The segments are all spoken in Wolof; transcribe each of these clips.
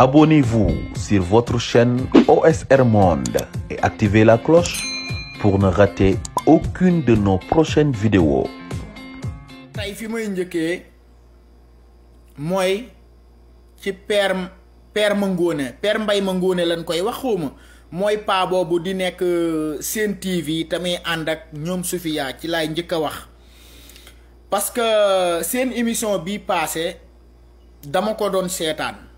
Abonnez-vous sur votre chaîne OSR Monde et activez la cloche pour ne rater aucune de nos prochaines vidéos. tey fi may njëkkee mooy ci père père Mangone père Mbaye Mangone lañ koy wax xawma mooy paa boobu di nekk euh, seen TV tamit ànd ak ñoom Sofia ci laay njëkk a wax parce que euh, seen émission bi passé dama ko doon seetaan.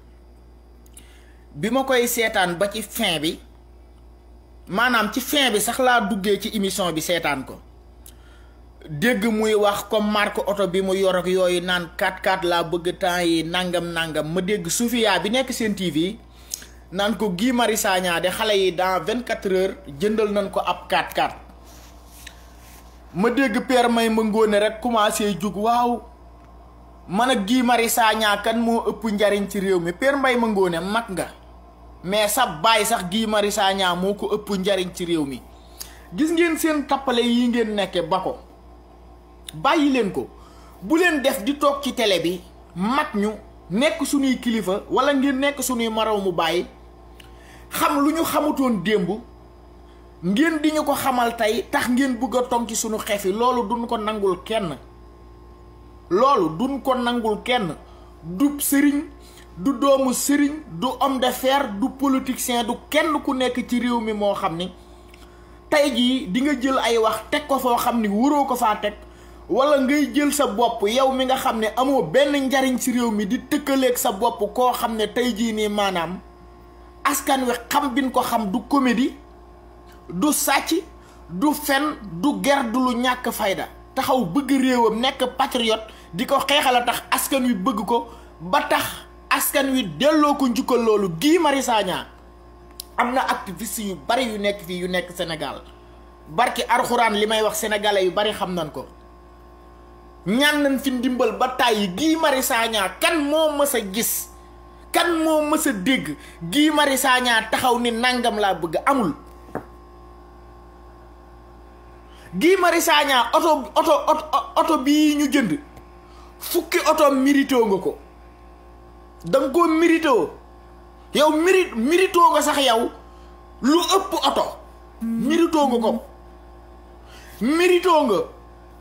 bi ma koy seetaan ba ci fin bi maanaam ci fin bi sax laa duggee ci émission bi seetaan ko dégg muy wax comme marque oto bi mu yor yooyu naan 4 x laa bëgg temps yi nangam nangam ma dégg Sofia bi nekk seen TV naan ko Guy Marius de xale yi dans 24 heures jëndal nañ ko ab 4 x ma dégg Père May ma ngóone rek commencé jug waaw man ak Guy Marius kan moo ëpp njariñ ci réew mi Père May ma ngóone mag nga. mais sa baay sax gii Marius moo ko ëpp njariñ ci réew mi gis ngeen seen tappale yi ngeen nekke ba ko bàyyi leen ko bu leen def di toog ci tele bi mat ñu nekk suñuy kilifa wala ngeen nekk suñuy maraw mu bàyyi xam lu ñu xamutoon démb ngeen di ñu ko xamal tey tax ngeen bëgg a tonki suñu xef yi loolu duñ ko nangul kenn loolu duñ ko nangul kenn du sëriñ du doomu sëriñ du homme d'affaires du politicien du kenn ku nekk ci réew mi moo xam ni tey jii dinga jël ay wax teg ko foo xam ni waroo ko faa teg wala ngay jël sa bopp yow mi nga xam ne amoo benn njariñ ci réew mi di tëkkaleeg sa bopp koo xam ne tey jii nii maanaam askan wi xam bin ko xam du comédie du sàcc du fen du ger du lu ñàkk fayda taxaw bëgg réewam nekk patriote di ko xeexal a tax askan wi bëgg ko ba tax askan wi delloo ko njukkal loolu Guy saaña am na activiste yu bari yu nekk fii yu nekk Sénégal barki arxuraan li may wax sénégalais yu bari xam nañ ko ñaan nañ fi ndimbal ba tàyyi Guy Marius Sagna kan moo mës gis kan moo mës dégg Guy Marius Sagna taxaw ni nangam laa bëgg amul Guy Marius Sagna oto oto oto bii ñu jënd fukki oto mérito nga ko danga koo méritoo yow mérit méritoo nga sax yow lu ëpp oto méritoo nga ko méritoo nga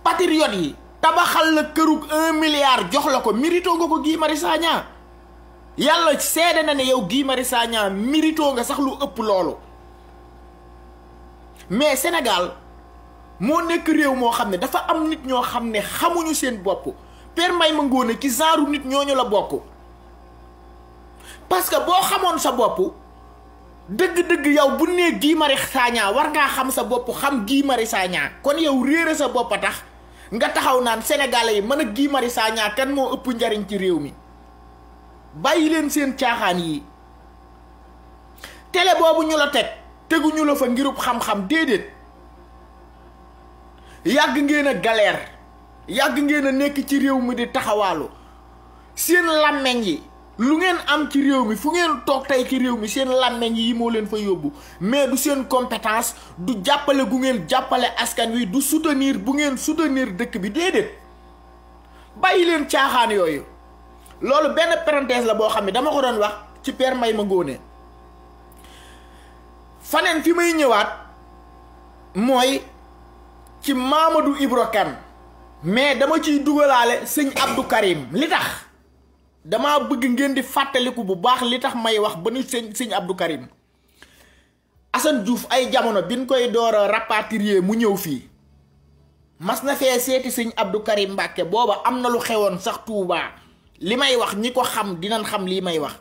patriote yi tabaxal la kërug un jox la ko méritoo nga ko gii Marius Sagna yàlla seede na ne yow gii Marius Sagna méritoo nga sax lu ëpp loolu mais senegal moo nekk réew moo xam ne dafa am nit ñoo xam ne xamuñu seen bopp Père Mbaye Mangone ci genre nit ñooñu la bokk parce que boo xamoon sa bopp dëgg-dëgg yow bu nee Guy Marius Sagna war ngaa xam sa bopp xam Guy Marius Sagna kon yow réere sa bopp a tax nga taxaw naan sénégalais yi mën a Guy Marius Sagna kan moo ëpp njariñ ci réew mi bàyyi leen seen caaxaan yi télé boobu ñu la teg teguñu la fa ngirub xam-xam déedéet yàgg ngeen a galère yàgg ngeen a nekk ci réew mi di taxawaalu seen làmmeñ yi lu ngeen am ci réew mi fu ngeen toog tey ci réew mi seen làmmeñ yi moo leen fa yóbbu mais du seen compétence du jàppale gu ngeen jàppale askan wi du soutenir bu ngeen soutenir dëkk bi déedéet bàyyi leen caaxaan yooyu loolu benn parenthèse la boo xam ne dama ko doon wax ci per Père Mbaye Mangoné faneen fi may ñëwaat mooy ci maamadu Ibra Kane mais dama ciy dugalaale sëñ Abdou Karim li tax dama bëgg ngeen di fàttaliku bu baax li tax may wax ba ni sëñ sëñ Abdou Karim Assane Diouf ay jamono biñ koy door a rapatrier mu ñëw fii mas na fee seeti sëñ Abdou Karim Mbàkke booba am na lu xewoon sax Tuubaa li may wax ñi ko xam dinañ xam lii may wax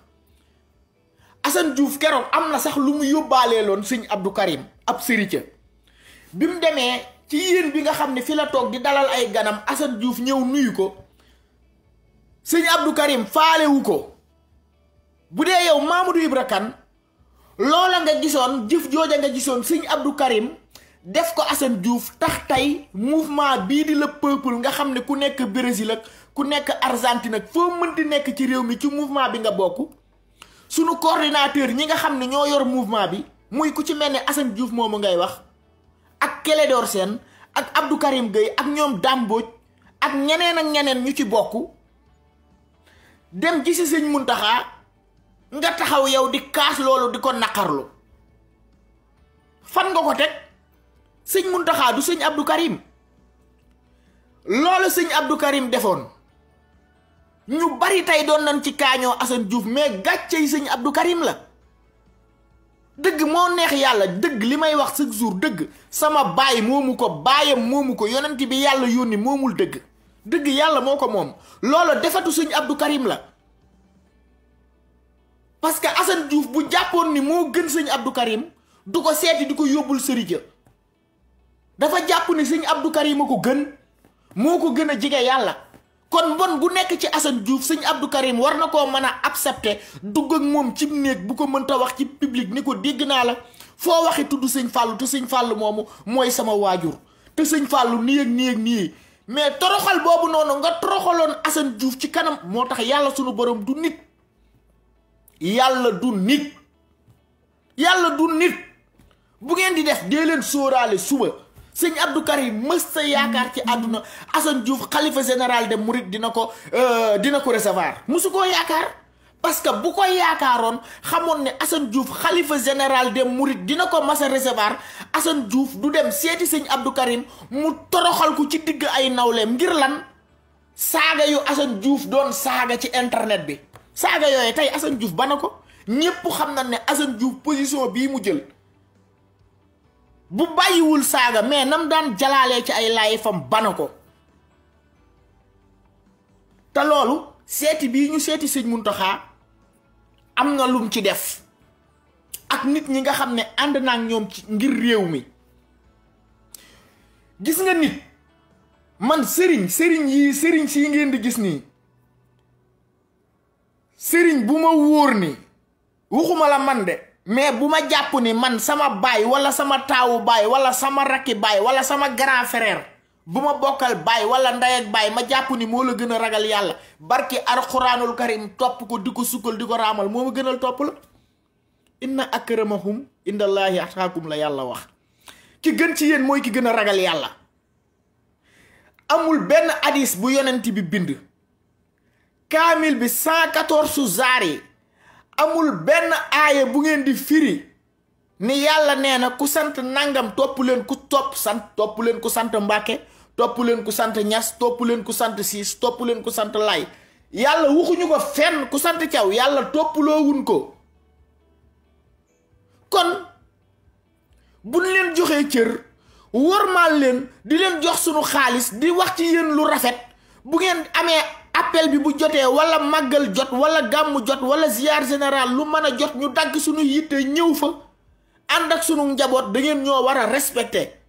Assane juuf keroog am na sax lu mu yóbbaalee loon sëñ Abdou Karim ab sërica bi mu demee ci yéen bi nga xam ne fi la toog di dalal ay ganam Assane juuf ñëw nuyu ko sëñ Abdou Karim faalewu ko bu dee yow Mamadou Ibra Kane loola nga gisoon jëf jooja nga gisoon sëñ Abdou Karim def ko Assane Diouf tax tey mouvement bii di le peuple nga xam ne ku nekk Brésil ak ku nekk Argentine ak foo mënti nekk ci réew mi ci mouvement bi nga bokk sunu coordinateur ñi nga xam ne ñoo yor mouvement bi muy ku ci mel ne Assane Diouf moomu ngay wax ak Clédor Sène ak Abdou Karim Gueye ak ñoom Dame ak ñeneen ak ñeneen ñu ci bokk dem gisi sëñ Muntaxa nga taxaw yow di kaas loolu di ko naqarlu fan nga ko teg sëñ Muntaxa du sëñ Abdou Karim loolu sëñ Abdou Karim defoon ñu bari tey doon nañ ci kaañoo Assane Diouf mais gàccey sëñ Abdou Karim la dëgg moo neex yàlla dëgg li may wax chaque jour dëgg sama baay moomu ko baayam moomu ko yonent bi yàlla yónni moomul dëgg dëgg yàlla moo ko moom loolu defatu suñ Abdou Karim la parce que Assane Diouf bu jàppoon ni moo gën sëñ Abdou Karim du ko seeti di ko yóbbul sëri sëriñ dafa jàpp ni sëñ Abdou Karim a ko gën moo ko gën a jige yàlla kon mbon bu nekk ci Assane Diouf sëñ Abdou Karim war na koo mën a accepter dugg ak moom cib néeg bu ko mënta wax ci public ni ko dégg naa la foo waxe tudd sëñ Fallou te sëñ Fallou moomu mooy sama waajur te sëñ Fallou nii ak nii ak nii mais toroxal boobu noonu nga toroxaloon Assane Diouf ci kanam moo tax yàlla sunu borom du nit yàlla du nit yàlla du nit bu ngeen di def dee leen sóoraale suba sëñ Abdou Karim mës sa yaakaar ci àdduna Assane Diouf xalifa général de Mouride dina ko euh, dina ko recevoir musu koo yaakaar. parce que bu ko yaakaaroon xamoon ne Assane Diouf xalifa général de Mourides dina ko mas a recevoir Assane Diouf du dem seeti sëñ Abdou Karim mu toroxal ko ci digg ay nawleem ngir lan saaga yu Assane Diouf doon saaga ci internet bi saaga yooyu tey Assane ba bana ko ñépp xam na ne Assane Diouf position bii mu jël bu bàyyiwul saaga mais nam daan jalaalee ci ay laayifam bana ko te loolu seeti bii ñu seeti sëñ Muntaxa am na lum ci def ak nit ñi nga xam ne ànd naa ñoom ci ngir réew mi gis nga nit man sëriñ sëriñ yi sëriñ si ngeen di gis nii sëriñ bu ma wóor ni waxuma la man de mais bu ma jàpp ni man sama baay wala sama taawu baay wala sama rakki baay wala sama grand frère bu ma bokkal baay wala ndey ak baay ma jàpp ni moo la gën a ragal yàlla barki alxuraanul karim topp ko di ko sukkal di ko raamal moo ma gënal topp la inna ak akramahum indallaahi atqaakum la yàlla wax ki gën ci yéen mooy ki gën a ragal yàlla amul benn hadis bu yonent bi bind kaamil bi cent quatorze su yi amul benn aaya bu ngeen di firi ni yàlla nee na ku sant nangam topp leen ku topp sant topp leen ku sant mbàkke topp leen ku sant ñas topp leen ku sant siis topp leen ku sant lay yàlla waxuñu ko fenn ku sant caw yàlla topploo wun ko kon buñ leen joxee cër wormaal leen di leen jox sunu xaalis di wax ci yéen lu rafet bu ngeen amee appel bi bu jotee wala màggal jot wala gàmm jot wala ziar général lu mën a jot ñu dagg sunu yitte ñëw fa ànd ak sunu njaboot da ngeen ñoo war a respecté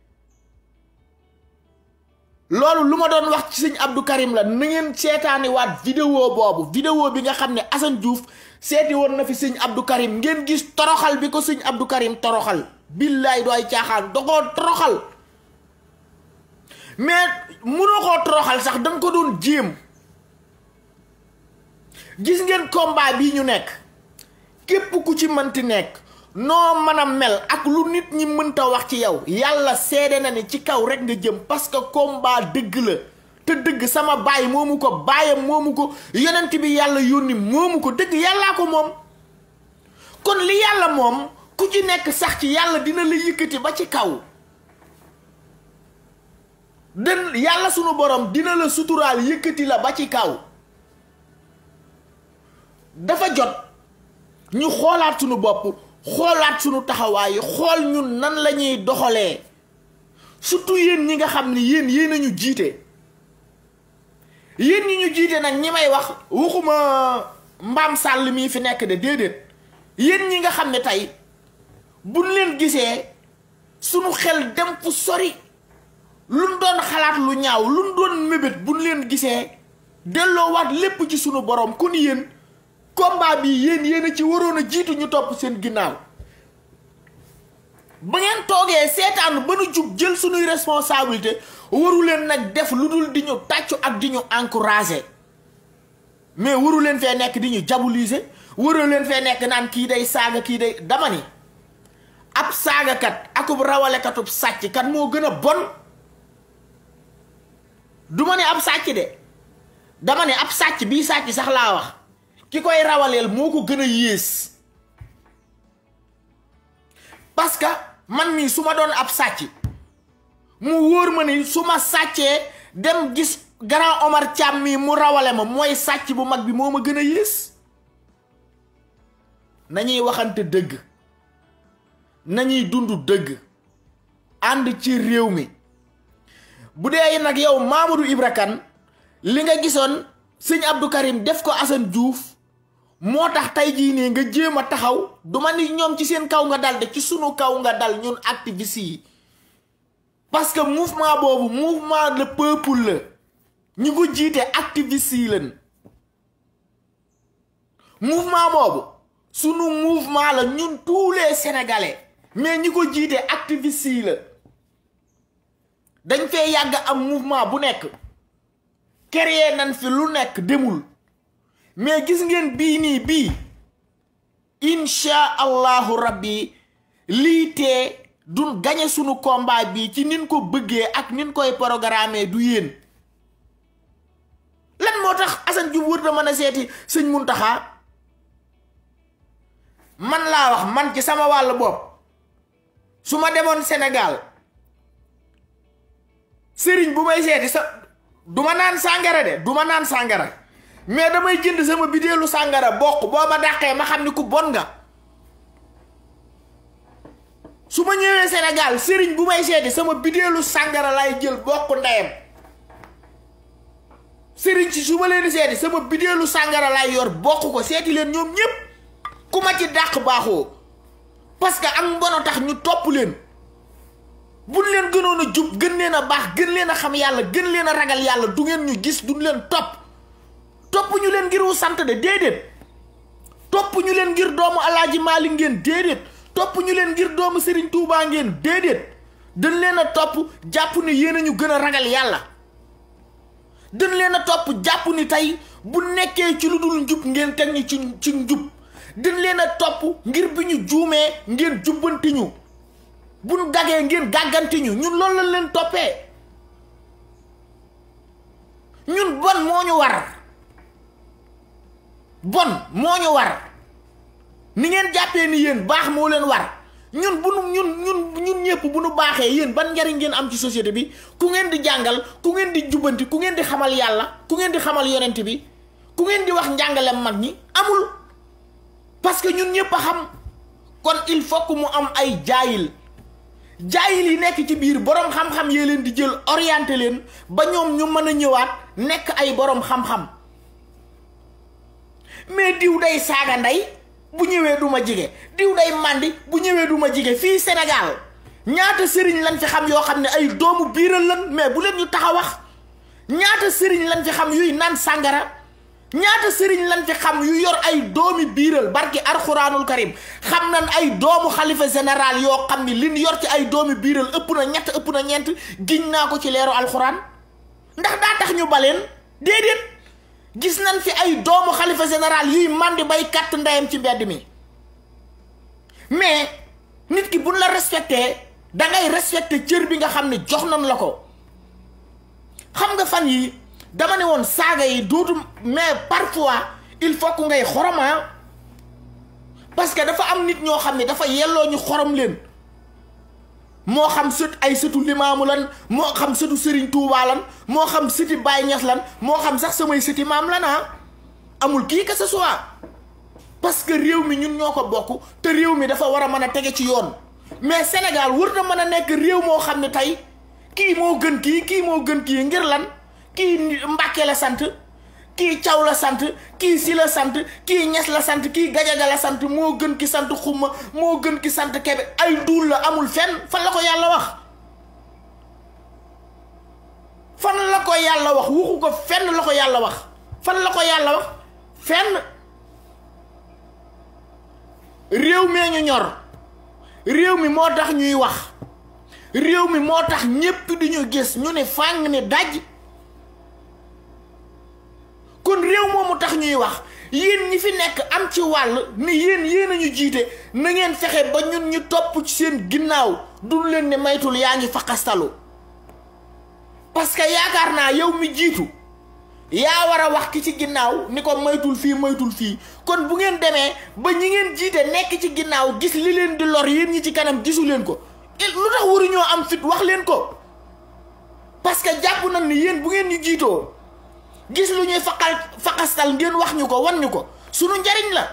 loolu lu ma doon wax ci sëñ abdu Karim la na ngeen seetaani waat vidéo boobu vidéo bi nga xam ne Assane Diouf seeti woon na fi sëñ Abdou Karim ngeen gis toroxal bi ko sëñ Abdou Karim toroxal billaay dooy caaxaan da koo toroxal mais mënoo koo toroxal sax danga ko doon jéem gis ngeen combat bii ñu nekk képp ku ci mënti nekk noo mën a mel ak lu nit ñi mënta wax ci yow yàlla seede na ni ci kaw rek nga jëm parce que combat dëgg la te dëgg sama baay moomu ko baayam moomu ko yonent bi yàlla yónni moomu ko dëgg yàllaa ko moom kon li yàlla moom ku ci nekk sax ci yàlla dina la yëkkati ba ci kaw den yàlla sunu borom dina la suturaal yëkkati la ba ci kaw dafa jot ñu xoolaat sunu bopp xoolaat suñu taxawaay yi xool ñun nan la ñuy doxalee surtout yéen ñi nga xam ni yéen yéen a ñu jiite yéen ñi ñu jiite nag ñi may wax waxuma mbaam sàll mii fi nekk de déedéet yéen ñi nga xam ne tey buñ leen gisee suñu xel dem fu sori luñ doon xalaat lu ñaaw luñ doon mébét buñ leen gisee delloowaat lépp ci sunu borom kon yéen. combat bi yéen yéen ci waroon a jiitu ñu topp seen ginnaaw ba ngeen toogee seetaan ba nu jug jël sunuy responsabilité waru leen nag def lu dul di ñu tàccu ak di ñu encourager mais waru leen fee nekk di ñu diaboliser waru leen fee nekk naan kii dey saaga kii dey dama ni ab saagakat akub rawalekatub sàcc kat moo gën a bon du ma ne ab sàcc de dama ne ab sàcc bii sàcc sax laa wax ki koy rawaleel moo ko gën a yées parce que man mii su ma doon ab sàcc mu wóor ma ni su ma sàccee dem gis grand Omar Thiam mii mu rawale ma mooy sàcc bu mag bi moo ma gën a yées nañuy waxante dëgg nañuy dund dëgg ànd ci réew mi bu dee nag yow Mamadou Ibra Kane li nga gisoon sëñ Abdou Karim def ko Assane juuf moo tax tey jii nii nga jéem a taxaw du ma ni ñoom ci seen kaw nga dal de ci sunu kaw nga dal ñun activistes yi parce que mouvement boobu mouvement le peuple la ñu ko jiite activistes yi lañ mouvement boobu sunu mouvement la ñun tous les sénégalais mais ñi ko jiite activistes yi la dañ fee yàgg am mouvement bu nekk créer nañ fi lu nekk demul. mais gis ngeen bii nii bii incha allahu rabbi lii tee du gañe sunu combat bii ci nin ko bëggee ak nin koy programmer du yéen lan moo tax Assane Diouf wër na mën a seeti sëñ mun Muntaxa man laa wax man ci sama wàll bopp su ma demoon Sénégal sëriñ bu may seeti sa du ma naan sàngara de du ma naan sàngara mais damay jënd sama bideelu sàngara bokk boo ma dàqee ma xam ni ku bon nga su ma ñëwee Sénégal sëriñ bu may seeti sama bideelu sàngara lay jël bokk ndeyam sëriñ si su ma leen seeti sama bideelu sàngara lay yor bokk ko seeti leen ñoom ñépp ku ma ci dàq baaxoo parce que am mbono tax ñu topp leen buñ leen gënoon a jub gën leen a baax gën leen a xam yàlla gën leen a ragal yàlla du ngeen ñu gis duñ leen topp topp ñu leen ngir wu sant de déedéet topp ñu leen ngir doomu alaaji maali ngeen déedéet topp ñu leen ngir doomu Serigne Touba ngeen déedéet dañ leen a topp jàpp ni yéen ñu gën a ragal yàlla dën leen a topp jàpp ni tey bu nekkee ci lu dul njub ngeen teg ñi ci ci njub dañ leen a topp ngir bi ñu juumee ngeen jubbanti ñu bu ñu dagee ngeen gàgganti ñu ñun loolu lañ leen toppee ñun bon moo ñu war bon moo ñu war ni ngeen jàppee ni yéen baax moo leen war ñun bu nu ñun ñun ñun ñëpp bu nu baaxee yéen ban njariñ ngeen am ci société bi ku ngeen di jàngal ku ngeen di jubbanti ku ngeen di xamal yàlla ku ngeen di xamal yonent bi ku ngeen di wax njàngalem mag ñi amul parce que ñun ñëpp a xam kon il faut que mu am ay jaayil jaayil yi nekk ci biir boroom xam-xam yee leen di jël orienté leen ba ñoom ñu mën a ñëwaat nekk ay boroom xam-xam mais diw day saaga ndey bu ñëwee du ma jige diw day màndi bu ñëwee du jige fii senegal ñaata sëriñ lañ fi xam yoo xam ne ay doomu biiral lan mais bu leen ñu tax a wax ñaata sëriñ lañ fi xam yuy naan sàngara ñaata sëriñ lañ fi xam yu yor ay doomi biiral barki arxuraanul karim xam nañ ay doomu xalifa général yoo xam ni liñ yor ci ay doomi biiral ëpp na ñett ëpp na ñeent giñ naa ko ci leeru alxuraan ndax daa tax ñu baleen déedéet gis nañ fi ay doomu xalifa général yuy màndi bay kàtt ndeyam ci mbedd mi mais nit ki buñ la respecté da ngay respecté cër bi nga xam ne jox nañ la ko xam nga fan yi dama ne woon saaga yi dootu mais parfois il faut que ngay xoroma ah. parce que dafa am nit ñoo xam ne dafa yelloo ñu xorom leen moo xam sët ay sëtu limaamu lan moo xam sëtu sëriñ Touba lan moo xam sëti Baye Niass lan moo xam sax samay sëti maam lan ah amul kii kese ce soit parce que réew mi ñun ñoo ko bokk te réew mi dafa war a mën a tege ci yoon mais Sénégal war na mën a nekk réew moo xam ne tey kii moo gën kii kii moo gën kii ngir lan kii Mbàkke la sant kii caw la sant kii si la sant kii ñes la sant kii gajaga la sant moo gën ki sant xumma moo gën ki sant kebe ay duul la amul fenn fan la ko yàlla wax fan la ko yàlla wax ko fenn la yàlla wax fan la ko yàlla fenn réew mee ñu ñor réew mi moo tax ñuy wax réew mi moo tax ñépp di ñu gis ñu ne fàng ne daj kon réew moomu tax ñuy wax yéen ñi fi nekk am ci wàll ni yéen yéen a ñu jiite na ngeen fexe ba ñun ñu topp ci seen ginnaaw dul leen ne maytul yaa ngi faqastalu parce que yaakaar naa yow mi jiitu yaa war a wax ki ci ginnaaw ni ko maytul fii maytul fii kon bu ngeen demee ba ñi ngeen jiite nekk ci ginnaaw gis li leen di lor yéen ñi ci kanam gisu leen ko lu tax waruñoo am fit wax leen ko parce que jàpp nañ ni yéen bu ngeen ñu jiitoo gis lu ñuy faqal faqastal ngeen wax ñu ko wan ñu ko sunu njariñ la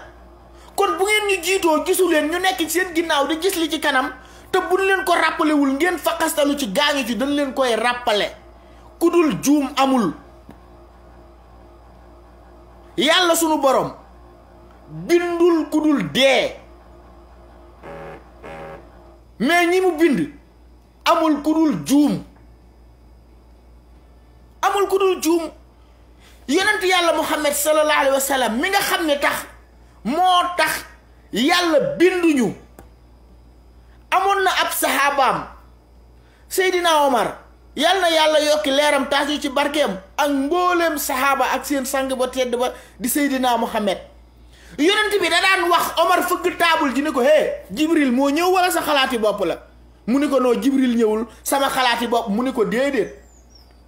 kon bu ngeen ñu jiitoo gisu leen ñu nekk seen ginnaaw di gis li ci kanam te buñ leen ko rappelé wul ngeen faqastalu ci gaañu ci dañu leen koy ràppale ku dul juum amul yàlla sunu borom bindul ku dul dee mais ñi mu bind amul ku dul juum amul ku dul juum yonent yàlla muhammad sallallahu alayhi wa sallam mi nga xam ne tax moo tax yàlla binduñu amoon na ab saxaabaam Seydina Omar yàlla na yàlla yokki leeram taas ci barkeem ak mbooleem saxaaba ak seen sang ba tedd ba di Seydina Muhammad yonent bi da daan wax Omar fëgg taabul ji ni ko hé Jibril moo ñëw wala sa xalaati bopp la mu ni ko noo Jibril ñëwul sama xalaati bopp mu ni ko déedéet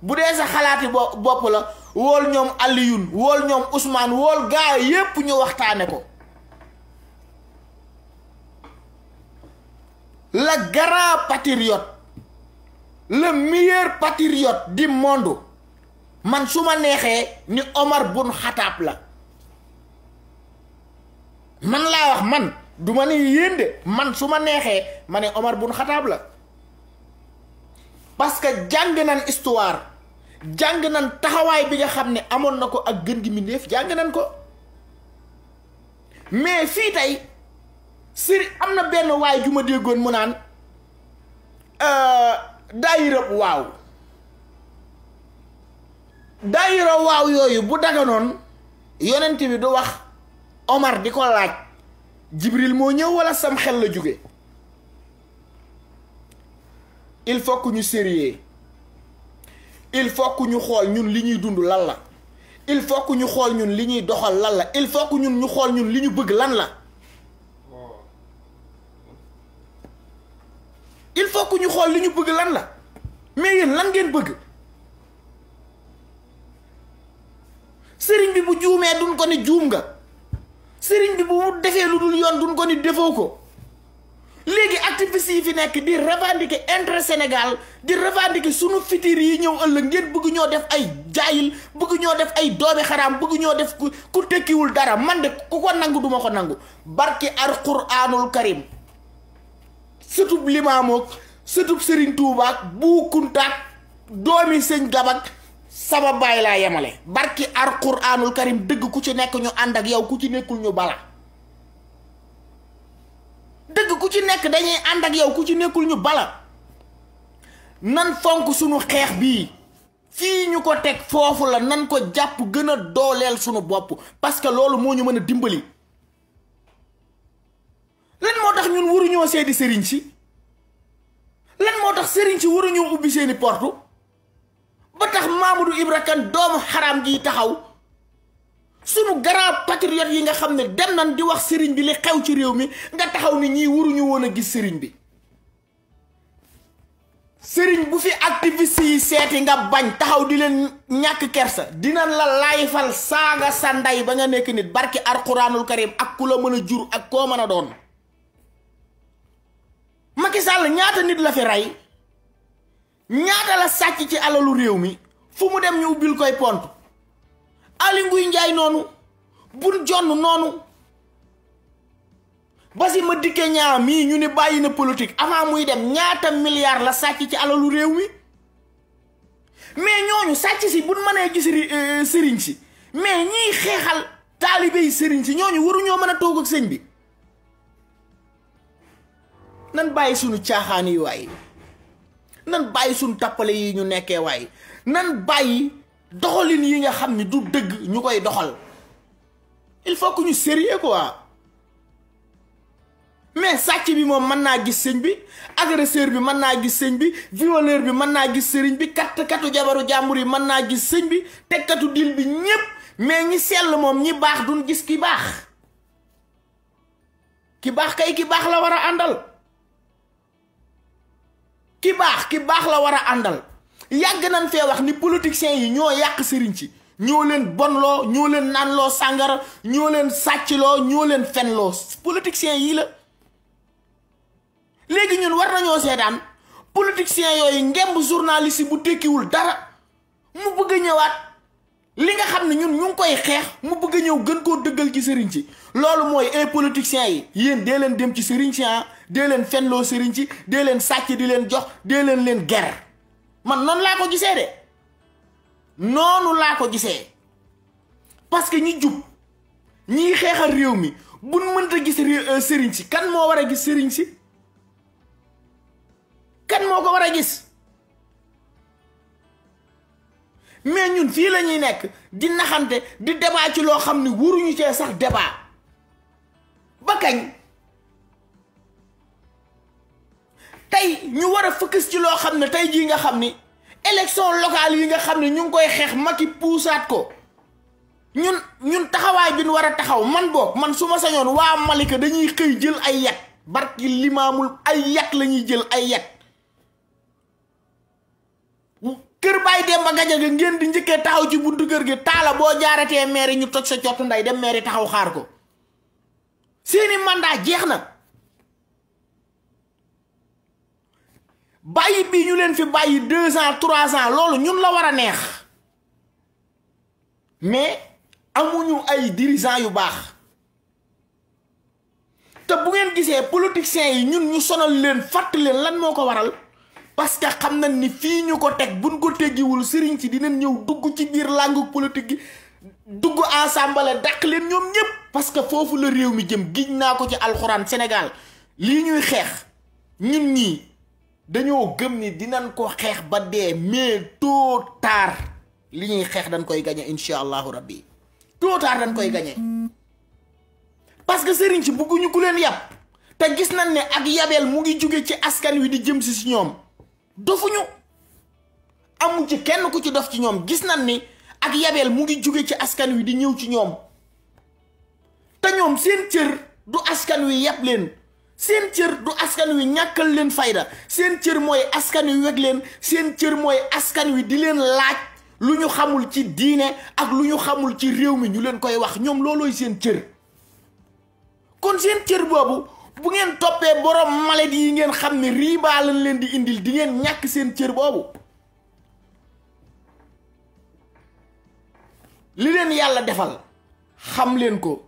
bu dee sa xalaati bo bopp la wool ñoom Alioune wool ñoom Ousmane wool gaa yépp ñu waxtaane ko le grand patriote le meilleur patriote du monde man su ma neexee ni Omar bun Xataab la man laa wax man du ma yéen de man su ma neexee ma ne Omar bun Xataab la parce que jàng nan histoire jàng nan taxawaay bi nga xam ne amoon na ko ak gën gi mbindéef jàng nan ko mais fii tey sëriñ am na benn waay ju ma déggoon mu naan euh, daayira waaw daayira waaw yooyu bu daganoon yonent bi du wax Omar di ko laaj Jibril moo ñëw wala sam xel la jóge il faut que ñu sérieux il faut ñu xool ñun li ñuy dund lan la il faut ñu xool ñun li ñuy doxal lan la il faut ñun ñu xool ñun li ñu bëgg lan la il faut que xool li bëgg lan la mais lan ngeen bëgg sëriñ bi bu juumee duñ ko ni juum nga sëriñ bi bu mu defee lu dul yoon duñ ko ni defoo ko léegi activistes yi fi nekk di revendiquer intérêt Sénégal di revendiquer sunu fitir yi ñëw ëllëg ngeen bëgg ñoo def ay jaayil bëgg ñoo def ay doomi xaraam bëgg ñoo def ku tekkiwul dara man de ku ko nangu duma ko nangu barki al quraanul karim sëtub limaamook sëtub sëriñ tuubaak bu kuntaak doomi sëñ gabak sama baay laa yemale barki al quraanul karim dëgg ku ci nekk ñu ànd ak yow ku ci nekkul ñu bala ku ci nekk dañuy ànd ak yow ku ci nekkul ñu bala nan fonk sunu xeex bii fii ñu ko teg foofu la nan ko jàpp gën a dooleel sunu bopp parce que loolu moo ñu mën a dimbali lan moo tax ñun waruñoo seeti sëriñ si lan moo tax sëriñ si waruñoo ubbi seeni porte ba tax Mamadou Ibra Kane doomu xaraam gi taxaw sunu grand patriote yi nga xam ne dem nañ di wax sëriñ bi li xew ci réew mi nga taxaw ni ñii waruñu woon a gis sëriñ bi sëriñ bu fi activiste yi seeti nga bañ taxaw di leen ñàkk kersa dina la laayfal saaga sa ndey ba nga nekk nit barki alxuraanul karim ak ku la mën a jur ak koo mën a doon Macky Sall ñaata nit la fi rey ñaata la sàcc ci alalu réew mi fu mu dem ñu ubbil koy pont Aly njaay noonu Boun Dionne noonu Bassi ma dikke ñaa mii ñu ne bàyyi na politique avant muy dem ñaata milliards la sàcc ci alalu réew mi mais ñooñu sàcc si buñ mënee gis euh, sëriñ si mais ñiy xeexal taalibe yi sëriñ si ñooñu waruñoo mën a toog ak sëñ bi nan bàyyi suñu caaxaan yi waaye nan bàyyi suñu tappale yi ñu nekkee waaye nan bàyyi doxalin yi nga xam ni du dëgg ñu koy doxal il faut que ñu sérieux quoi mais sàcc bi moom mën naa gis sëñ bi agresseur bi mën naa gis sëñ bi violeur bi mën naa gis sëriñ bi katt katu jabaru jàmbur yi mën naa gis sëñ bi tegkatu dil bi ñépp mais ñi sell moom ñi baax duñ gis ki baax ki baax kay ki baax la war a àndal ki baax ki baax la war a àndal yàgg nañ fee wax ni politiciens yi ñoo yàq sëriñ ci ñoo leen bon loo ñoo leen naanloo sàngara ñoo leen sàccloo ñoo leen fenloo politiciens yii la léegi ñun war nañoo seetaan politiciens yooyu ngemb journaliste bu tekkiwul dara mu bëgg a ñëwaat li nga xam ne ñun ñu ngi koy xeex mu bëgg a ñëw gën koo dëggal ci sëriñ ci loolu mooy ay politiciens yi yéen dee leen dem ci sëriñ si ah dee leen fenloo sëriñ si dee leen sàcc di leen jox dee leen leen ger man noonu laa ko gisee de noonu laa ko gisee parce que ñi jub ñiy xeexal réew mi buñ mënta gis euh, sëriñ si kan moo war a gis sëriñ si kan moo ko war a gis mais ñun fii la ñuy nekk di naxante di débat ci loo xam ne waruñu cee sax débat ba kañ tey ñu war a focus ci loo xam ne tey jii nga xam ni élection locale yi nga xam ne ñu ngi koy xeex Macky puusaat ko ñun ñun taxawaay bi ñu war a taxaw man boog man su ma sañoon waa Malika dañuy xëy jël ay yat barki limaamul ay yat lañuy jël ay yat kër ba Demba gi ngeen di njëkkee taxaw ci buntu kër gi taala boo jaaratee maire ñu toj sa cottu nday dem maire taxaw xaar ko seeni mandat jeex na bàyyi bii ñu leen fi bàyyi deux ans trois ans loolu ñun la war a neex mais amuñu ay dirigeants yu baax te bu ngeen gisee politiciens yi ñun ñu sonal leen fàttali leen lan moo ko waral parce que xam nañ ni fii ñu ko teg buñ ko teggiwul sëriñ ci dinañ ñëw dugg ci biir langue politique gi dugg ensemble dàq leen ñoom ñëpp parce que foofu la réew mi jëm giñ naa ko ci alxuraan Sénégal lii ñuy xeex ñun ñii dañoo gëm ni dinañ ko xeex ba dee mais tôt tard li ñuy xeex dañ koy gañe incha allahu rabbi tôt tard dañ koy gañe parce que sëriñ si bëgguñu ku leen yàpp te gis nañ ne ak yabeel mu ngi jóge ci askan wi di jëm si si ñoom dofuñu amu ci kenn ku ci dof ci ñoom gis nañ ni ak yabeel mu ngi jóge ci askan wi di ñëw ci ñoom te ñoom seen cër du askan wi yàpp leen seen cër du askan wi ñàkkal leen fayda seen cër mooy askan wi weg leen seen cër mooy askan wi di leen laaj lu ñu xamul ci diine ak lu ñu xamul ci réew mi ñu leen koy wax ñoom loolooy seen cër kon seen cër boobu bu ngeen toppee borom maladie yi ngeen xam ne riibaa lañ leen di indil di ngeen ñàkk seen cër boobu li leen yàlla defal xam leen ko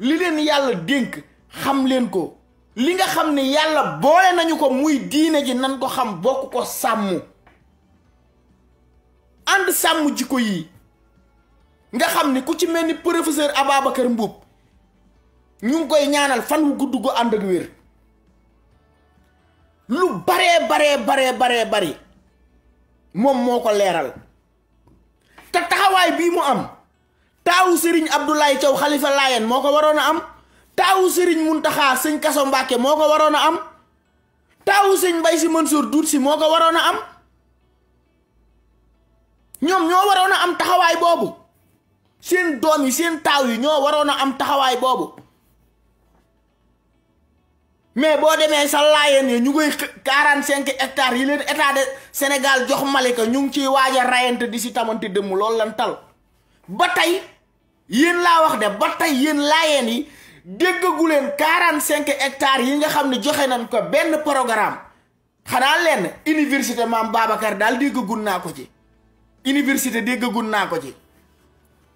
li leen yàlla dénk xam leen ko li nga xam ni yàlla boole nañu ko muy diine ji nan ko xam bokk ko sàmm ànd sàmm jikko yi nga xam ni ku ci mel ni professeur Ababacar Mboup ñu ngi koy ñaanal fan wu gudd gu ànd ak wér lu baree baree baree baree bari moom moo ko leeral te taxawaay bii mu am taawu Serigne Abdoulaye Thiaw xalifa Laayeen moo ko waroon a am taawu sëriñ Muntaxa sëñ Kaso Mbàkke moo ko waroon a am taawu sëñ Mbay Si Mansour duut si moo ko waroon a am ñoom ñoo waroon a am taxawaay boobu seen doom yi seen taaw yi ñoo waroon a am taxawaay boobu mais boo demee sa laayeen yi ñu koy quarante cinq hectares yi leen état de Sénégal jox Malika ñu ngi ciy waaja a di si tamante dëmm loolu lan tal ba tey yéen laa wax de ba tey yéen laayeen yi déggagu leen quarante cinq hectares yi nga xam ne joxe nañ ko benn programme xanaa lenn université maam Babacar daal déggagun naa ko ci université déggagun naa ko ci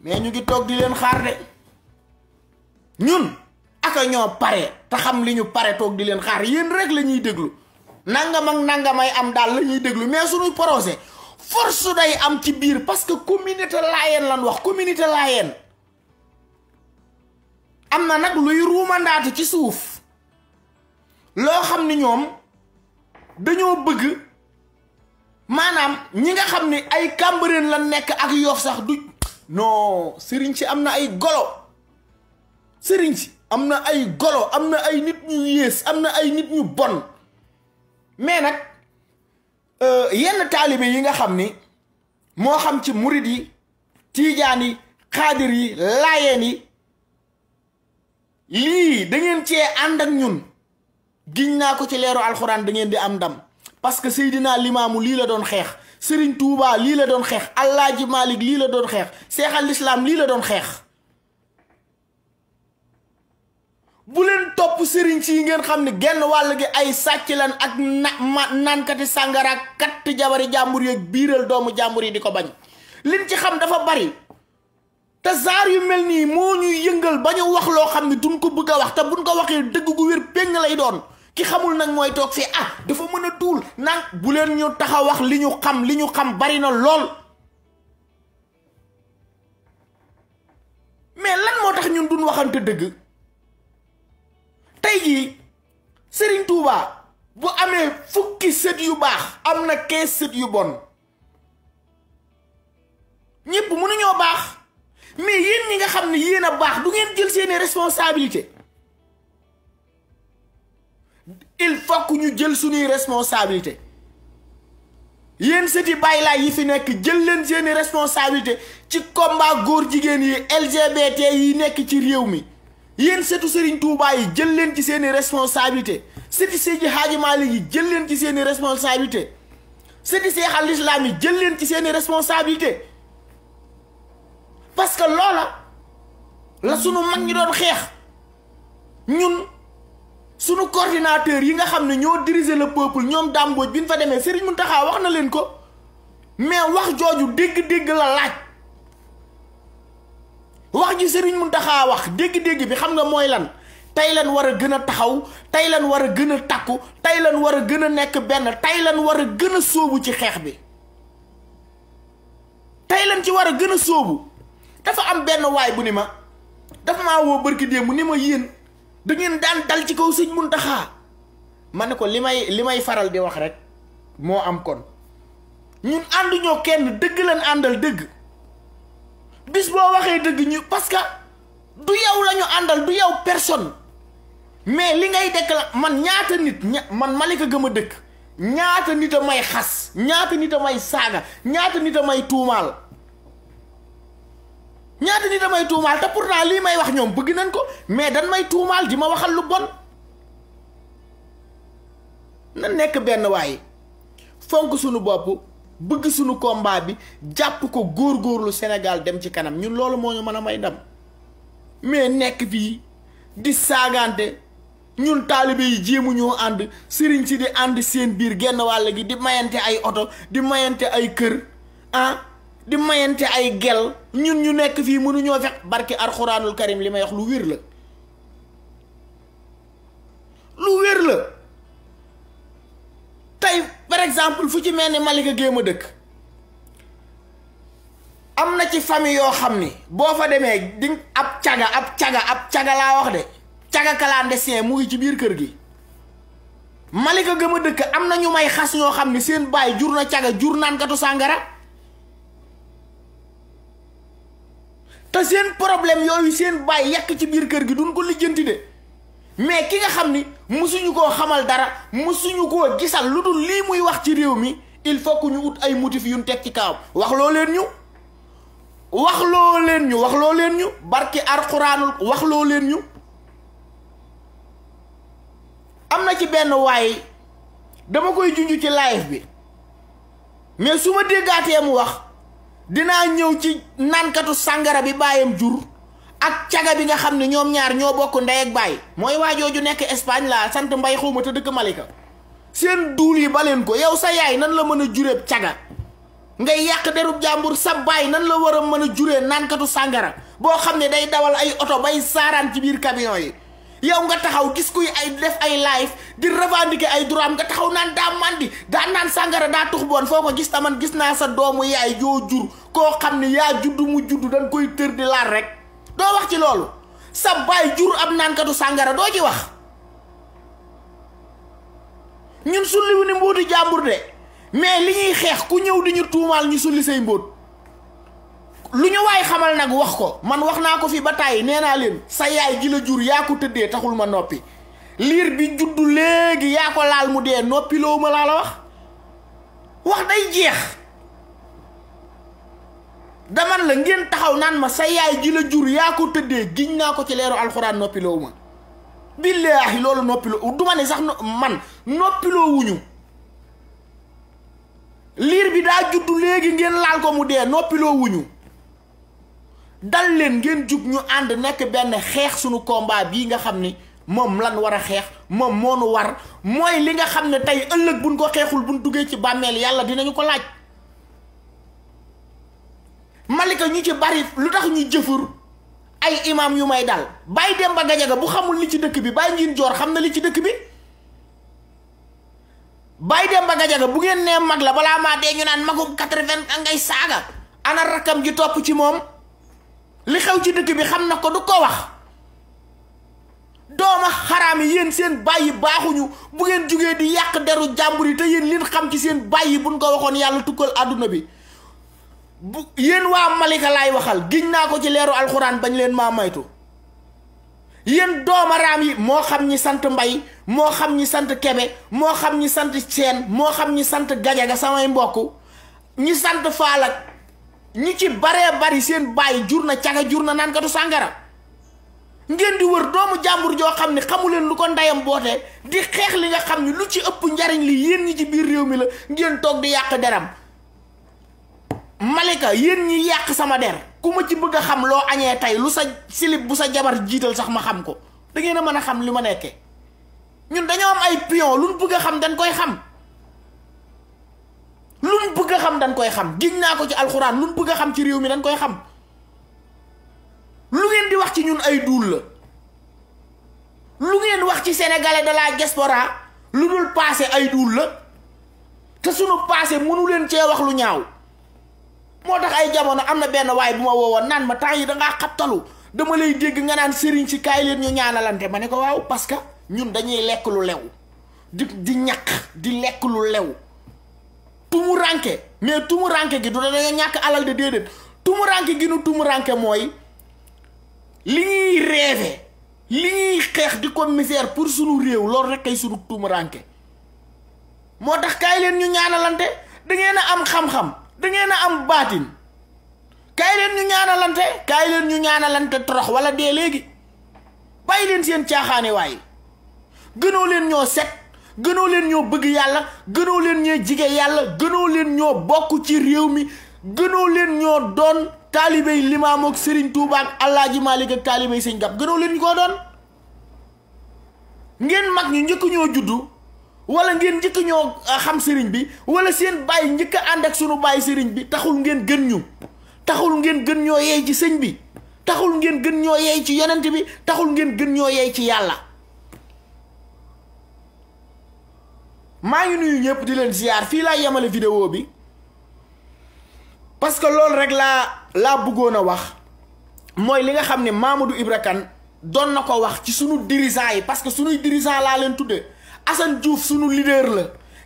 mais ñu ngi toog di leen xaar de ñun aka ñoo pare te xam li ñu pare toog di leen xaar yéen rek la ñuy déglu nangam ak nangamay am daal la ñuy déglu mais suñu projet force day am ci biir parce que communauté laayeen lan wax communauté laayeen am na nag luy ruumandaatu ci suuf loo xam ni ñoom dañoo bëgg maanaam ñi nga xam ni ay Cambérène la nekk ak Yoff sax du noo sëriñ si am na ay golo sëriñ si am na ay golo am na ay nit ñu yées am na ay nit ñu bon mais nag euh, yenn taalibe yi nga xam ni moo xam ci murit yi tiijaan yi xaadir yi laayeen yi lii da cee ànd ak ñun giñ naa ko ci leeru alxuraan da ngeen di am dam parce que Seydina Limaamu lii la doon xeex sëriñ Touba lii la doon xeex Alaaji Malik lii la doon xeex seexal lislaam lii la doon xeex bu leen topp sëriñ si ngeen xam ne genn wàll gi ay sàcc lan ak na ma naankati sàngara katt jabari jàmbur yeeg biiral doomu jàmbur yi di ko bañ liñ ci xam dafa bari te saar yu mel nii moo ñuy yëngal ba ñu wax loo xam ne duñ ko bëgg a wax te buñ ko waxee dëgg gu wér péng lay doon ki xamul nag mooy toog fii ah dafa mën a duul naan bu leen ñu tax wax li ñu xam li ñu xam bari na lool mais lan moo tax ñun duñ waxante dëgg tey jii Serigne Touba bu amee fukki sët yu baax am na quinze sët yu bon ñëpp mënuñoo baax. mais yéen ñi nga xam ne yéen a baax du ngeen jël seeni responsabilité il faut que ñu jël suñuy responsabilité yéen sëti bàyyi laay yi fi nekk jël leen seeni responsabilité ci combat góor jigéen yi LGBT yi nekk ci réew mi yéen setu Serigne Touba yi jël leen ci seeni responsabilité sëti Seydi Hadji Malick yi jël leen ci seeni responsabilité sëti Seex al Islam yi jël leen ci seeni responsabilité parce que loola la sunu mag ñi doon xeex ñun sunu coordinateur yi nga xam ne ñoo diriger le peuple ñoom dàmbooj bi ñu fa demee Serigne Mountakha wax na leen ko mais wax jooju dégg-dégg la laaj wax ji Serigne Mountakha wax dégg-dégg bi xam nga mooy lan tey lan war a gën a taxaw tey lan war a gën a takku tey lan war a gën a nekk benn tey lan war a gën a sóobu ci xeex bi tey lan ci war a gën a sóobu dafa am benn waay bu ni ma dafa maa woo barki ni ma yéen du ngeen daan dal ci kaw sëñ daxa ma ne ko li may li may faral di wax rek moo am kon ñun ànduñoo kenn dëgg lañ àndal dëgg bis boo waxee dëgg ñu parce que du yow lañu ñu àndal du yow personne mais li ngay dekk la man ñaata nit ña man Malika gëm a dëkk ñaata nit a may xas ñaata nit a may saaga ñaata nit a may tuumaal ñaata ni damay tuumaal te pourtant lii may wax ñoom bëgg nañ ko mais dan may tuumaal di ma waxal lu bon na nekk benn waaye fonk sunu bopp bëgg sunu combat bi jàpp ko góor góorgóorlu Sénégal dem ci kanam ñun loolu moo ñu mën a may ndam mais nekk fii di saagante ñun taalibe yi jéemu ñoo ànd sëriñ si di ànd seen biir genn wàll gi di mayante ay oto di mayante ay kër ah di mayante ay gel ñun ñu nekk fii mënuñoo fex barki alxuraanul karim li may wax lu wér la lu wér la tey par exemple fu ci mel ni Malika Géem a dëkk am na ci famille yoo xam ni boo fa demee di ab caga ab caga ab caga laa wax de caga clandestin mu ngi ci biir kër gi Malika Géem a dëkk am na ñu may xas ñoo xam ni seen baay jur na caga jur naankatu sàngara te seen problème yooyu seen baay yàq ci biir kër gi duñ ko lijjanti de mais ki nga xam ni musuñu koo xamal dara musuñu koo gisal lu dul lii muy wax ci réew mi il faut que ñu ut ay motif yu ñu teg ci kawam wax loo leen ñu wax loo leen ñu wax loo leen barki alxuraanul wax loo leen ñu am na ci benn waaye dama koy junju ci live bi mais su ma déggaatee mu wax dinaa ñëw ci nankatu sàngara bi baayam jur ak caga bi nga xam ne ñoom ñaar ñoo bokk ndey ak baay mooy waajooju nekk Espagne laa sant mbay xawma te dëkk Malika seen duul yi leen ko yow sa yaay nan la mën a jureeb caga ngay yàq deru jàmbur sa baay nan la war a mën a juree nankatu sàngara boo xam ne day dawal ay oto bay saaraan ci biir camion yi yow nga taxaw gis kuy ay def ay live di revendiquer ay droit am nga taxaw naan daa mandi daa naan sàngara daa tux boon foo ko gis taman gis naa sa doomu yaay yoo jur koo xam ne yaa judd mu judd dañ koy tër di laal rek doo wax ci loolu sa baay jur ab naankatu sàngara doo ci wax ñun sulliwu ni mbóoti jàmbur de mais li ñuy xeex ku ñëw di ñu tuumaal ñu sulli say mbóot lu ñu waay xamal nag wax ko man wax naa ko fi ba tàyyi nee naa leen sa yaay ji la jur yaa ko tëddee taxul ma noppi liir bi juddu léegi yaa ko laal mu dee noppi ma laa la wax wax day jeex daman la ngeen taxaw naan ma sa yaay ji la jur yaa ko tëddee giñ naa ko ci leeru alxuraan noppiloo ma billaahi loolu noppiloo duma ne sax man noppiloo liir bi daa juddu léegi ngeen laal ko mu dee noppiloo dal leen ngeen jug ñu ànd nekk benn xeex sunu combat bii nga xam ni moom lan war a xeex moom moo nu war mooy li nga xam ne tey ëllëg buñ ko xeexul buñ duggee ci bàmmeel yàlla dinañu ko laaj malika ñu ci bari lu tax ñu jëfur ay imam yu may dal bàyyi dem ba gajaga bu xamul li ci dëkk bi bàyyi njiin joor xam na li ci dëkk bi bàyyi dem ba gajaga bu ngeen nee mag la balaa maa dee ñu naan magum quatre-vingt ngay saaga ana rakkam ji topp ci moom li xew ci dëkk bi xam na ko du ko wax dooma xaraam yi yéen seen bàyyi baaxuñu bu ngeen jógee di yàq deru jàmbur yi te yéen liñ xam ci seen bàyyi buñ ko waxoon yàlla tukkal àdduna bi bu yéen waa Malika laay waxal giñ naa ko ci leeru alxuraan bañ leen maa maytu yéen doomaraam yi moo xam ñi sant mbay moo xam ñi sant kebe moo xam ñi sant seen moo xam ñi sant gajaga samay mbokk ñi sant faalak ñu ci baree bari seen bàyyi jur na caga jur na naan katu sàngara ngeen di wër doomu jàmbur joo xam ne xamu leen lu ko ndeyam bootee di xeex li nga xam ne lu ci ëpp njariñ li yéen ñi ci biir réew mi la ngeen toog di yàq deram Malika yéen ñi yàq sama der ku ma ci bëgg a xam loo añee tey lu sa silib bu sa jabar jiital sax ma xam ko da ngeen a mën a xam li ma nekkee ñun dañoo am ay pion lu ñu bëgg a xam dañ koy xam. lu mu bëgg a xam dañ koy xam giñ naa ko ci alxuraan lu mu bëgg xam ci réew mi dañ koy xam lu ngeen di wax ci ñun ay duul la lu ngeen wax ci sénégalais de la diaspora lu dul passé ay duul la te sunu passé mënu leen cee wax lu ñaaw moo tax ay jamono am na benn waay bu ma woowoon naan ma temps yi dangaa xabtalu dama lay dégg nga naan sëriñ si kaay leen ñu ñaanalante ma ne ko waaw parce que ñun dañuy lekk lu lew di di ñàkk di lekk lu lew tumu ranke mais tumu ranke gi du da nga ñàkk alal de déedéet tumu ranke gi nu tumu ranke mooy li ñuy rêve li ñuy xeex di ko misère pour sunu réew loolu rek kay sunu tumu moo tax kaay ñu ñaanalante da ngeen am xam-xam da ngeen a am baatin kaay leen ñu ñaanalante kaay leen ñu ñaanalante torox wala dee léegi bàyyi leen seen caaxaane waaye leen ñoo set gënoo leen ñoo bëgg yàlla gënoo leen ñoo jige yàlla gënoo leen ñoo bokk ci réew mi gënoo leen ñoo doon taalibey limaam ak Serigne Touba ak Alaaji Maalik ak taalibey sëñ Gab gënoo leen ñu koo doon ngeen mag ñu njëkk ñoo juddu wala ngeen njëkk ñoo ah, xam sëriñ bi wala seen bàyyi njëkk ànd ak sunu bàyyi sëriñ bi taxul ngeen gën ñu taxul ngeen gën ñoo yeey ci sëñ bi taxul ngeen gën ñoo yeey ci yonent bi taxul ngeen gën ñoo yeey ci yàlla maa ngi nuyu ñëpp di leen ziar fii laa yemale vidéo bi parce que loolu rek laa laa bëggoon a wax mooy li nga xam ne Mamadou Ibra Kane doon na ko wax ci sunu dirigeant yi parce que sunuy dirigeant laa leen tudde Assane Diouf sunu leader la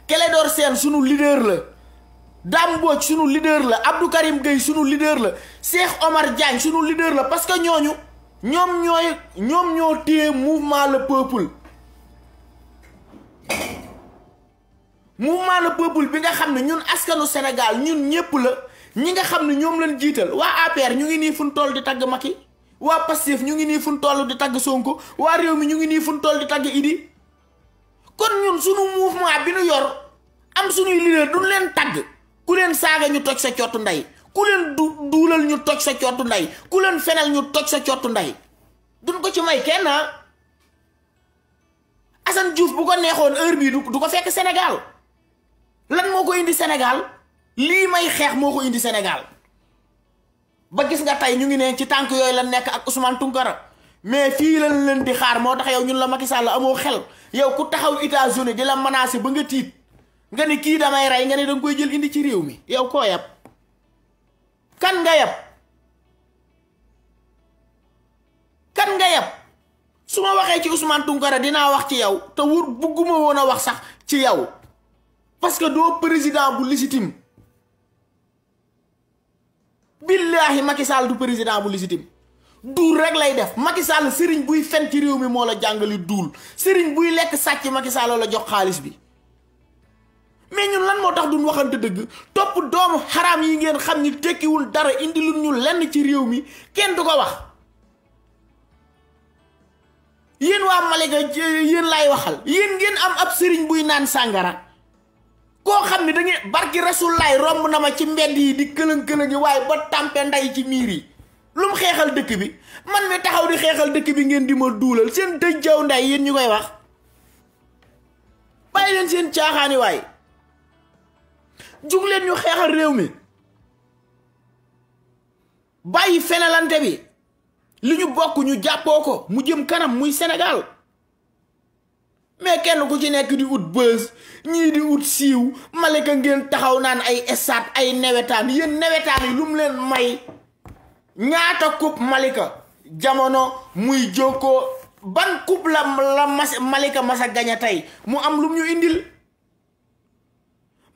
Clédor seen sunu leader la Dame Mbodj sunu leader la Abdou Karim Gueye sunu leader la Cheikh Omar Diagne sunu leader la parce que ñooñu ñoom ñooy ñoom ñoo téye mouvement le peuple mouvement le peuple bi nga xam ne ñun askanu Sénégal ñun ñëpp la ñi nga xam ne ñoom leen jiital waa APR ñu ngi nii fu ñu toll di tagg Macky waa Pastef ñu ngi nii fu toll di tagg Sonko waa réew mi ñu ngi nii fu ñu toll di tagg Idi kon ñun suñu mouvement bi nu yor am suñuy leader duñ leen tagg ku leen saaga ñu toj sa cottu ndey ku leen du duulal ñu toj sa cottu ndey ku leen fenal ñu toj sa cottu ndey duñ ko ci may kenn ah. Assane Diouf bu ko neexoon heure bii du ko fekk Sénégal lan moo ko indi Sénégal lii may xeex moo ko indi Sénégal ba gis nga tey ñu ngi neen ci tànk yooyu la nekk ak Ousmane Tounkara mais fii lan leen di xaar moo tax yow ñun la Macky Sall la amoo xel yow ku taxaw États-Unis di la menacé ba nga tiit nga ne kii damay rey nga ne danga koy jël indi ci réew mi yow koo yab kan nga yab kan nga yab su ma waxee ci Ousmane Tounkara dinaa wax ci yow te wur bugguma woon a wax sax ci yow parce que doo président bu légitime billaahi Macky Sall du président bu légitime duul rek lay def Macky Sall sëriñ buy fen ci réew mi moo la jàngali duul sëriñ buy lekk sàcc Macky Sall la jox xaalis bi mais ñun lan moo tax duñ waxante dëgg topp doomu xaraam yi ngeen xam ni tekkiwul dara indi lu ñu lenn ci réew mi kenn du ko wax yéen waa Malika yéen laay waxal yéen ngeen am ab sëriñ buy naan sàngara koo xam ne da ngeen barki rasulaay romb na ma ci mbedd yi di këlëng-këlëng yi waaye ba tàmpe nday ci miir yi lu xeexal dëkk bi man mi taxaw di xeexal dëkk bi ngeen di ma duulal seen dëj jaw nday yéen ñu koy wax bàyyi leen seen caaxaani waay jug leen ñu xeexal réew mi bàyyi fenelante bi li ñu bokk ñu jàppoo ko mu jëm kanam muy Sénégal mais kenn ku ci nekk di ut bës ñii di ut siiw malika ngeen taxaw naan ay estaat ay newetaan yéen newetaan yi lu mu leen may ñaata coupe malika jamono muy jokkoo ban coupe la la mas malika masa gaña tey mu am lu ñu indil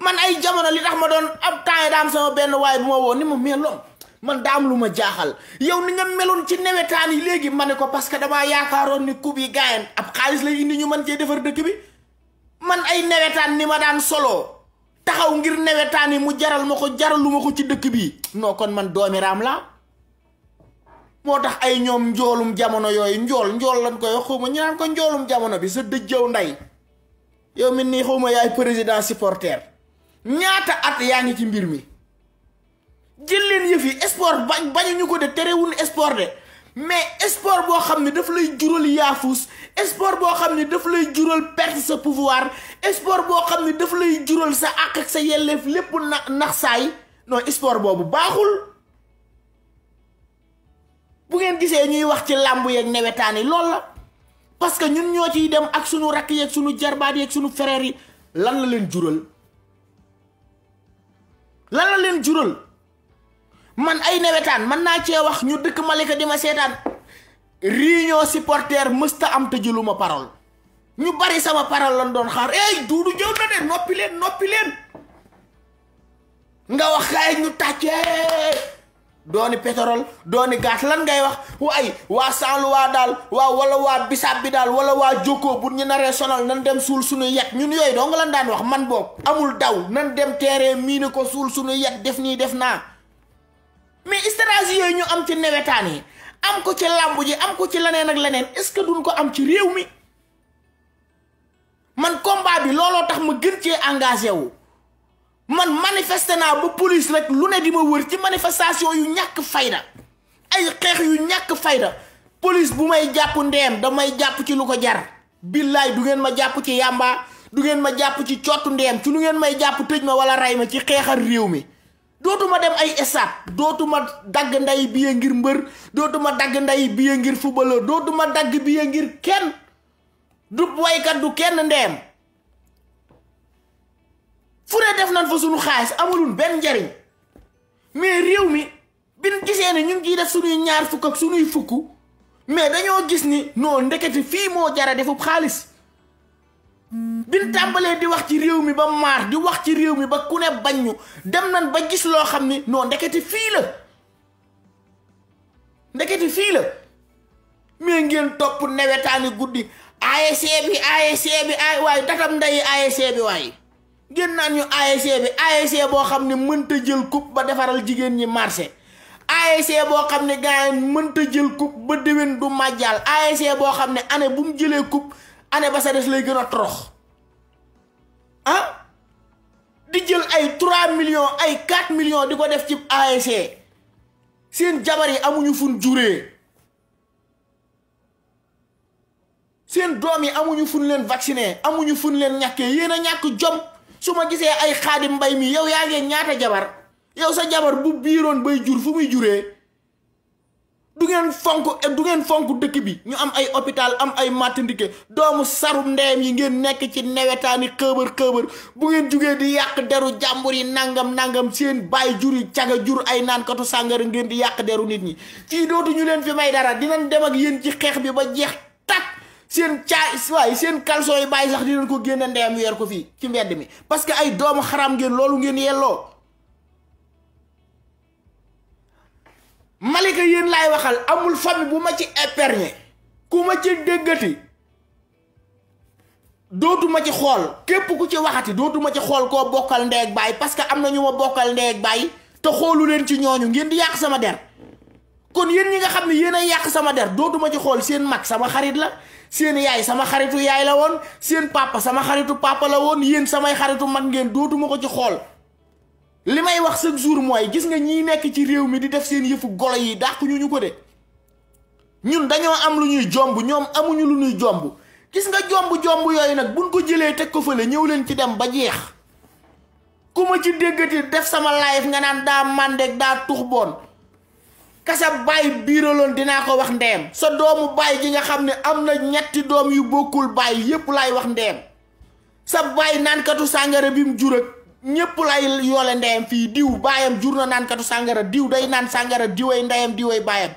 man ay jamono li tax ma doon ab temps sama benn waay bu ma woo ni mu mais lom man daa am lu ma jaaxal yow ni nga meloon ci nawetaan yi léegi ma ne ko parce que damaa yaakaaroon ni coupe yi gaayen ab xaalis la indi ñu mën cee defar dëkk bi man ay nawetaan ni ma daan solo taxaw ngir nawetaan yi mu jaral ma ko jaralu ma ko ci dëkk bi noo kon man doomiraam laa moo tax ay ñoom njoolum jamono yooyu njool njool lañ ko wax xaw ma ñu ko njoolum jamono bi sa dëjjëw nday yow mi nii xaw ma yaay président supporter ñaata at yaa ngi ci mbir mi jël leen yëf yi sport bañ bañuñu ko de terewul sport de mais sport boo xam ne daf lay jural yaafus sport boo xam ne daf lay jural perte sa pouvoir sport boo xam ne daf lay jural sa àq ak sa yelleef lépp na nax saay non sport boobu baaxul bu ngeen gisee ñuy wax ci làmb yeeg newetaan yi loolu la parce que ñun ñoo ciy dem ak suñu rakk yeeg suñu jarbaat yeeg sunu frère yi lan la leen jural lan la leen jural man ay nawetaan man naa cee wax ñu dëkk Malika di ma seetaan réunion supporter mësta am te jëlu ma parole ñu bari sama parole lan doon xaar ey duudu jëw na de noppi leen noppi leen nga wax gaay ñu tàccee dooni pétrole dooni lan ngay wax waay waa saint daal waa wala waa bisaab bi daal wala waa Jokko bu ñu naree sonal nan dem suul suñu yet ñun yooyu dong lan daan wax man boobu amul daw nan dem teeree miine ko suul suñu yet def nii def naa mais stratégie yooyu ñu am ci newetaan yi am ko ci làmb ji am ko ci leneen ak leneen est-ce que duñ ko am ci réew mi man combat bi looloo tax ma gën cee engagé wu man manifesté naa ba police rek lu ne di ma wër ci manifestation yu ñàkk fayda ay xeex yu ñàkk fayda police bu may jàpp ndeem damay jàpp ci lu ko jar billaay du ngeen ma jàpp ci yàmba du ngeen ma jàpp ci cottu ndeem ci lu ngeen may jàpp tëj ma wala rey ma ci xeexal réew mi dootuma dem ay stade dootuma dagg nday billet ngir mbër dootuma dagg nday billet ngir footballeur dootuma dagg billet ngir kenn du waykat du kenn ndeem fu ne def nañ fa suñu xaalis amulun benn njariñ mais réew mi bin gisee ni ñu ngi ciy def suñuy ñaar fukk ak suñuy fukk mais dañoo gis ni non ndekete fii moo jara defub xaalis biñ tàmbalee di wax ci réew mi ba maar di wax ci réew mi ba ku ne bañ ñu dem nañ ba gis loo xam ni noo ndekete fii la ndekete fii la mais ngeen topp newetaani guddi ASC e bi ASC e bi ay waaye datam nday ASC e bi waaye ngeen naan ñu boo xam ne mënta jël coupe ba defaral jigéen ñi marché ASC boo xam ne gars mënta jël coupe ba déwén du màjjal ASC boo xam ne année bum jëlee coupe année ba sa des lay gën a torox ah di jël ay 3 million ay 4 million di ko def cib ASC seen jabar yi amuñu fun juree seen doom yi amuñu fun leen vacciné amuñu fun leen ñàkkee yéen a ñàkk jom su ma gisee ay xaadim mbay mi yow yaa ngee ñaata jabar yow sa jabar bu biiroon bay jur fu muy juree du ngeen fonk eh, du ngeen fonk dëkk bi ñu am ay hôpital am ay matindike doomu sarum ndeyam yi ngeen nekk ci newetaani xëbër xëbër bu ngeen jugee di yàq deru jàmbur yi nangam nangam seen bàyyi jur yi caga jur ay naankatu sàngara ngeen di yàq deru nit ñi ci dootu ñu leen fi may dara dinañ dem ak yéen ci xeex bi ba jeex takk seen caa waaye seen caleçon yi bàyyi sax dinañ ko génne ndeyam weer ko fii ci mbedd mi parce que ay doomu xaram ngeen loolu ngeen yelloo Malika yéen laay waxal amul fami bu ma ci épargné ku ma ci dëggati dootuma ci xool képp ku ci waxati dootuma ci xool koo bokkal ndeeg bàyyi parce que am na ñu ma bokkal ndeeg bàyyi te xoolu leen ci ñooñu ngeen di yàq sama der kon yéen ñi nga xam ne yéen a yàq sama der dootuma ci xool seen mag sama xarit la seen yaay sama xaritu yaay la woon seen papa sama xaritu papa la woon yéen samay xaritu mag ngeen dootuma ko ci xool li may wax chaque jour mooy gis nga ñiy nekk ci réew mi di def seen yëfu golo yi dàq ñu ñu ko de ñun dañoo am lu ñuy jomb ñoom amuñu lu ñuy jomb gis nga jomb jomb yooyu nag buñ ko jëlee teg ko fële ñëw leen ci dem ba jeex ku ma ci déggati def sama live nga naan daa màndeek daa tux boon kasa baay biiraloon dinaa ko wax ndeyam sa doomu baay gi nga xam ne am na ñetti doom yu bokkul baay yépp laay wax ndeyam sa baay naankatu sàngara bi mu jur ñëpp lay yoole ndeyam fii diw baayam jur na naankatu sàngara diw day naan sàngara diwey ndeyam diwey baayam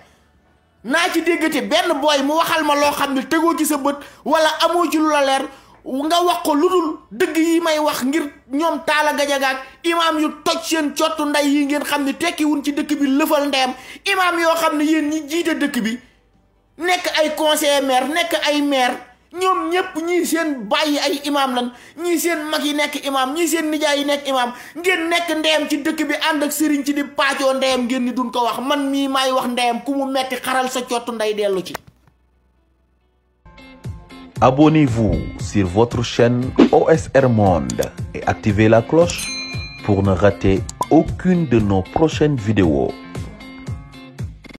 naa ci déggati benn booy mu waxal ma loo xam ne tegoo ci sa bët wala amoo ci lu la leer nga wax ko lu dul dëgg yi may wax ngir ñoom taala gajagaak imaam yu toj seen cottu ndey yi ngeen xam ne tekkiwun ci dëkk bi lëfal ndeyam imaam yoo xam ne yéen ñi jiite dëkk bi nekk ay conseiller maire nekk ay meer ñoom ñëpp ñii seen bàyyi ay imaam lan ñii seen mag yi nekk imaam ñii seen nijaay yi nekk imaam ngeen nekk ndeyam ci dëkk bi ànd ak sëriñ ci di paacoo ndeyam ngeen ni duñ wax man mii maay wax ndeyam ku mu metti xaral sa cottu ndey dellu ci. abonnez sur votre chaîne OSR Monde et activez la cloche pour ne rater aucune de nos prochaines vidéos.